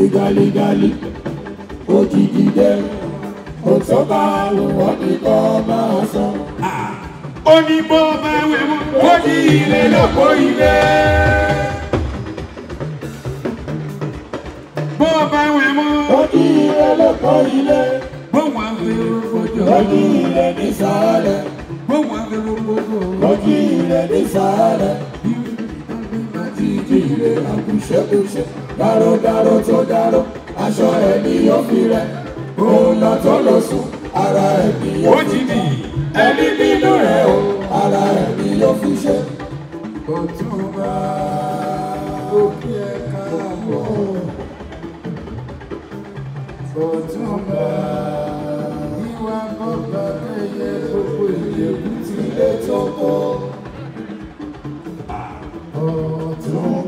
lígalígalí ó ti dìde òtọ́ba òwò nìkan máa san. Ah! ó ní bó máa wẹ̀wò ó ní ilé lóko ilé. bó máa wẹ̀wò ó ní ilé lóko ilé. bó máa wẹ̀wò fọjọ́ ó ní ilé ní sàálẹ̀. bó máa wẹ̀wò fọjọ́ ó ní ilé ní sàálẹ̀ jíire àkùṣẹ́kùṣẹ́ dáròdárò tó dárò aṣọ ẹni yóò fi rẹ̀ òun lọ tó lọ sùn ara ẹni yóò fi rẹ̀ ẹni nínú rẹ̀ o ara ẹni yóò fi ṣe. Ọ̀túnba òkè ẹ̀ka àbọ̀ Ọ̀túnba ìwà bọ́bà ẹyẹ gbogbo ìlẹ̀kùn tilẹ̀ tó kọ́. Ọ̀túnba.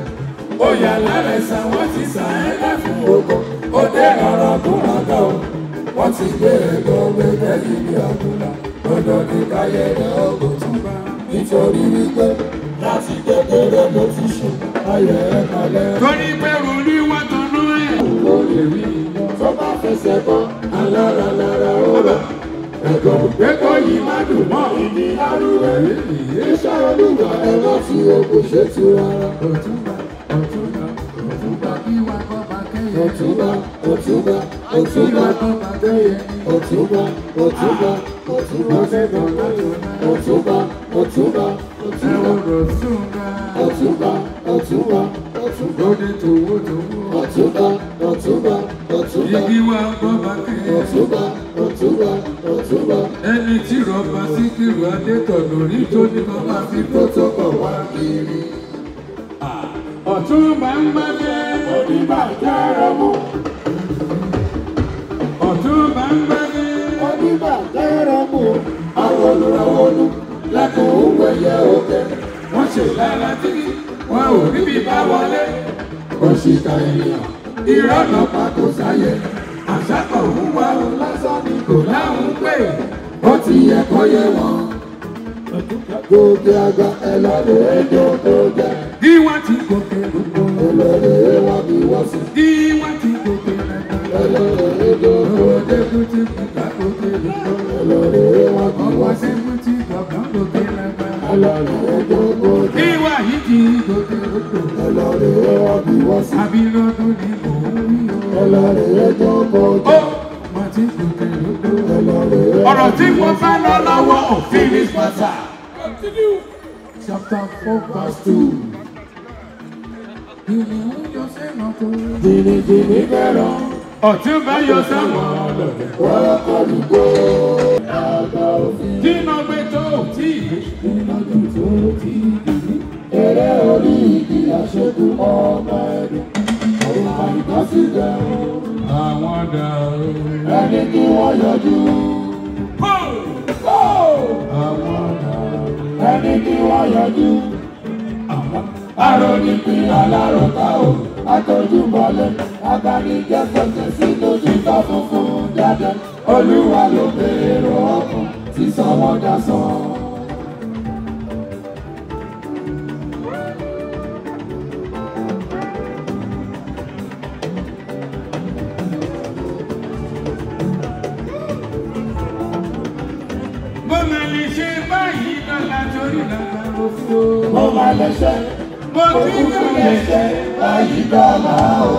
bóyá lára ẹ̀sán wọ́n ti sàn án lẹ́fún oko ó dé ọ̀rọ̀ kúrọ̀gà o wọ́n ti gbé ẹ̀gọ́ gbẹgbẹ́ ìlú àkúlà lọ́dọ̀ ní káyẹ̀dẹ̀ ọgbọ̀n tún bá nítorí wípé láti kékeré ló ti ṣe ayẹ̀ ẹ̀ kalẹ̀. torí pé rúlí wá tọ́nú ẹ̀. kò lè rí tó bá fẹsẹ̀ kan alára lára ó rà ẹ̀kọ́ ẹ̀kọ́ yìí má dùn mọ́ ìdí arúgbó ẹ̀ ìṣàlùwà ẹ̀rọ tí o kò ṣe tu rárá. Òtúbà Òtúbà Òtúbà Òtúbà Òtúbà Òtúbà Òtúbà Òtúbà Òtúbà Òtúbà Òtúbà Òtúbà Òtúbà Òtúbà Igi wa bọ́ba kẹ́. Òtúbà Òtúbà Òtúbà. Ẹni tí rọ̀bà Síkírù Adétọ̀ lórí tó ní kọ́ máa fi kó tó kọ̀ wá kiri. Ọ̀túnba ah, ń gbádẹ́ oníbàjẹ́ mú. ọ̀tún bá ń gbé ní oníbàjẹ́ mú. àwọn olùrànwọ́ olú lẹ́kọ̀ọ́ òwe yẹ òkè. wọ́n ṣe lára títí wọn ò níbi bá wọlé. òṣìkà ènìyàn ìrọ̀nà pàkó sáyé. àṣàkọ̀ òwúwa bí wàyí ti dòde odò àbílọ́dún ni mò ń rí o. ọ̀rọ̀ tí mo fẹ́ lọ lọ́wọ́ òfin ní pàtà. Chapter four verse two. Jìnnìjìnnì bẹ̀rọ̀. Ọ̀tún bá yọ sẹ́wọ̀n. Wọ́n kọ́ lùgbọ́. Dínà. ṣẹ́gun ọmọ ẹ̀rí. Òrùka ìgbọ́sílẹ̀ o. Àwọn dà o. Ẹni kí wọ́n yọjú. Àwọn dà o. Ẹni kí wọ́n yọjú. Aróní kí alárọ̀ká o. Atọ́jú bọ́lẹ̀. Agbanigbẹ́ sọ̀tẹ̀ sí lójú ká funfun jáde. Olúwa ló bèrè ọkàn. Sísọ wọn dá sàn. ìṣe báyìí lọ́la torí lọ́la mo fún o. mo máa lẹ́sẹ̀ mo ti tún lẹ́sẹ̀ báyìí lọ́la o.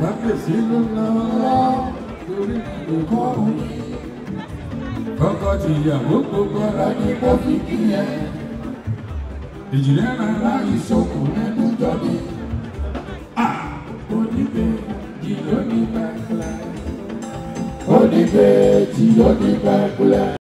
Kábíyèsí ló lọ lórí ìkọ́ òní. Ọkọ tìyàwó gbogbo ara ní kófí kí yẹn. Ìjìnlẹ̀ rárá ìṣokùn lẹ́nu jọ. ibẹ̀ tí yọ nígbà kúlẹ̀.